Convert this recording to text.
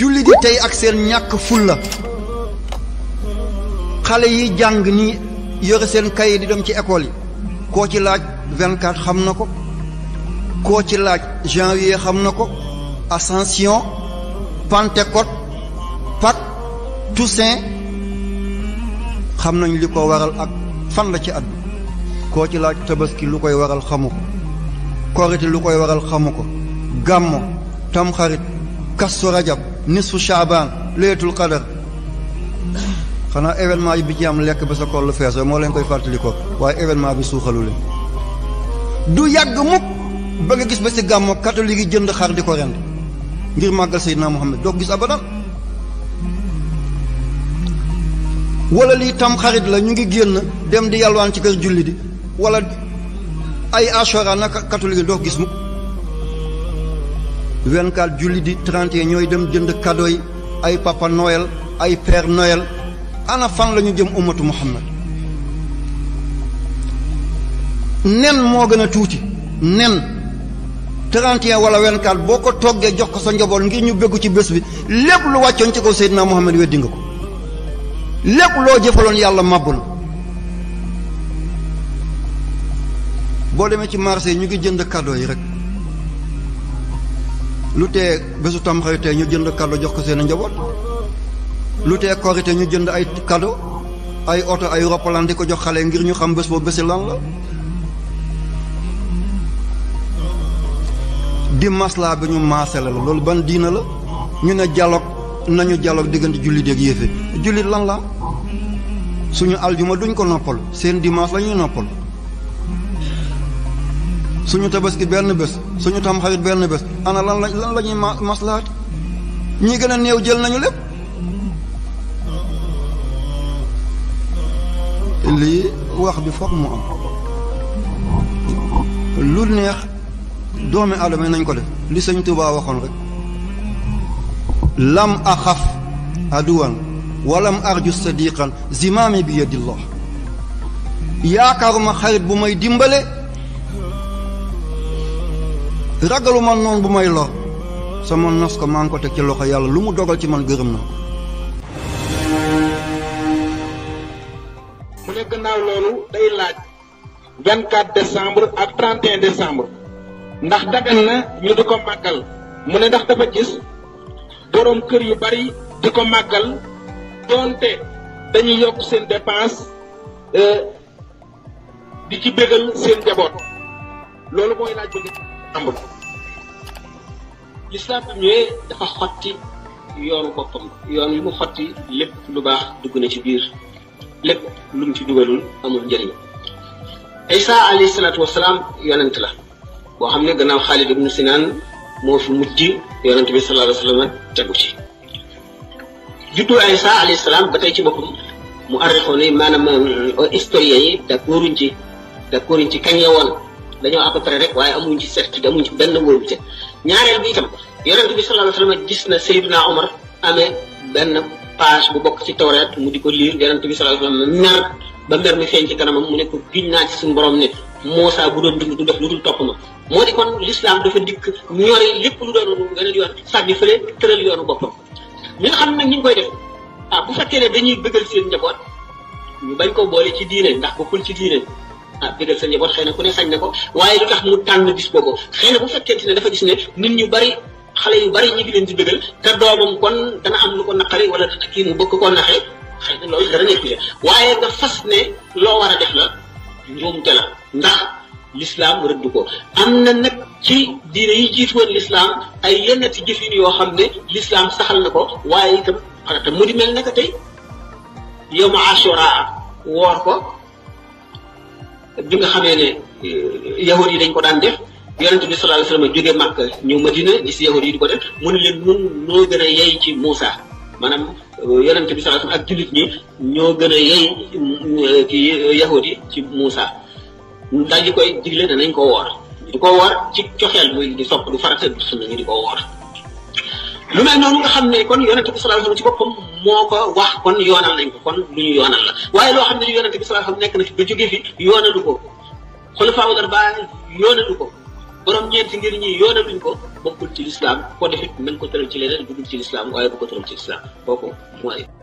julli di tey ak seen ñàkk fulla xale yi jàng ni yore seen kayit di dem ci école yi koo ci laaj vingt-quatre xam na ko koo ci laaj janvier xam na ko ascension Pentecôte pak Toussaint xam nañ li ko waral ak fan la ci at koo ci laaj tabaski lu koy waral xamu ko korite lu koy waral xamu ko gàmmo tamxarit kastu rajab nisfu chaabaan leetul qadar xanaa événement yi bi ci am lekk ba sa kollu fees moo leen koy fàttali ko waaye événement bi suuxalu leen du yàgg mukk ba nga gis ba si gàmmo catholique yi jënd xar di ko rend ngir màggal Seydina Muhammad doo gis abadan wala lii tam xarit la ñu ngi génn dem di yalwaan ci kër julli di wala ay ashora naka yi doo gis mukk 24 julli di 31 ñooy dem jënd cadeau ay papa noël ay père noël ana fan la ñu jëm ummatu muhammad nen moo gën a tuuti nen 31 wala 24 boo ko toggee jox ko sa njaboot ngir ñu béggu ci bés bi lépp lu wàccoon ci kaw Seydina Muhammad weddi nga ko lépp loo jëfaloon yàlla màbb boo demee ci marché yi ñu ngi jënd cadeau yi rek lu tee bésu tamxarit tey ñu jënd cadeau jox ko seen njaboot lu tee korite ñu jënd ay cadeau ay oto ay roppalaan ko jox xale ngir ñu xam bés boobu bési lan la di maslaa bi ñu maasale la loolu ban diina la ñu ne dialogue nañu dialogue diggante jullit ak yéefe jullit lan la suñu aljuma duñ ko noppal seen dimanche la ñuy noppal suñu tabaski benn bés suñu tamxarit benn bés ana lan la lan la ñuy maslaat ñi gën a néew jël nañu lépp lii wax bi foog mu am lu neex doomi aadama yi nañ ko def li sëñ Tuubaa waxoon rek lam axaf aduwan walam arju sadiqan zimaami bi yadillah yaakaaruma xarit bu may dimbale ragalu ma noonu bu may lor sama nas ko maa ngi ko teg ci loxo yàlla lu mu dogal ci man gërëm na mu ne gannaaw loolu day laaj 24 décembre ak 31 décembre ndax dagan na ñu di ko màggal mu ne ndax dafa gis boroom kër yu bari di ko màggal doonte dañuy yokk seen dépense euh, di ci bégal seen njaboot loolu mooy laaj bi amul lislaam bi ñëwee dafa xotti yoonu boppam yoon wi mu xotti lépp lu baax dugg na ci biir lépp lu mu ci dugalul amul njëriñ Isa alayhi salaatu wasalaam la boo xam ne gannaaw Xaalid ibnu Sinaan moo fi mujj yonent bi sallallahu alayhi wasallam tegu ci juddu Isa alayhi salaam ba tey ci boppam mu arrixoon yi maanaam euh, historien yi d'accorduñ ci d'accorduñ kañ la dañoo à peu près rek waaye amuñ ci certitude amuñ ci benn wóolute ñaareel bi itam yonent bi sallallahu alayhi wa sallam gis na Seydina Omar amee benn page bu bokk ci tawreet mu di ko liir yonent bi sallallahu alayhi wa sallam mer ba mer mi feeñ ci kanamam mu ne ko giñ naa ci suñu borom ne Moussa bu doon dund du def lu dul topp ma moo di kon l'islam dafa dikk ñori lépp lu doon gën a yoon sànni fële tëral yoonu boppam ñi xam nag ñu ngi koy def ah bu fekkee ne dañuy bëggal seen njaboot ñu bañ ko boole ci diine ndax bokkul ci diine ah sa njaboot xëy na ku ne na ko waaye lu tax mu tànn bis boobu xëy bu fekkente ne dafa gis ne nit ñu bari xale yu bari ñu ngi leen di te doomam kon dana am lu ko naqari wala kii mu bëgg ko naxee xëy na loolu dara nekku waaye nga fas ne loo war a def la njuumte la ndax lislaam rëdd ko am na nag ci diine yi jiitu woon lislaam ay yennati jëfin yoo xam ne lislaam saxal na ko waaye itam xanaa tam mu di mel naka tey yow ma asura woor ko bi nga xamee ne eh, yahud yi dañ ko daan def yonent bi sallallahu alayhi wasallam jóge Màkka ñëw Madina gis yahud yi di ko def mu ni leen nun noo gën a yey ci maanaam eh, yonent bi sallallahu alayhi ak jullit ñi ñoo gën a yey ci eh, yahud yi ci Moussa dal di koy digle ne nañ ko woor di ko woor ci coxeel muy di sopp du farata bi xam nañu di ko woor lu mel noonu nga xam ne kon yonente bi sallallahu a wasallam ci boppam moo ko wax kon yoonal nañ ko kon lu ñu yoonal la waaye loo xam ne yonente bi sallallahu alayhi wasallam nekk na fi ba jóge fi yoonalu ko xulafaawul arbaa yoonalu ko borom ñeenti ngir ñi yoonaluñ ko bokkul ci lislaam ko defit nañ ko tëral ci leneen duggul ci lislaam waaye du ko tëral ci lislaam kooku mooy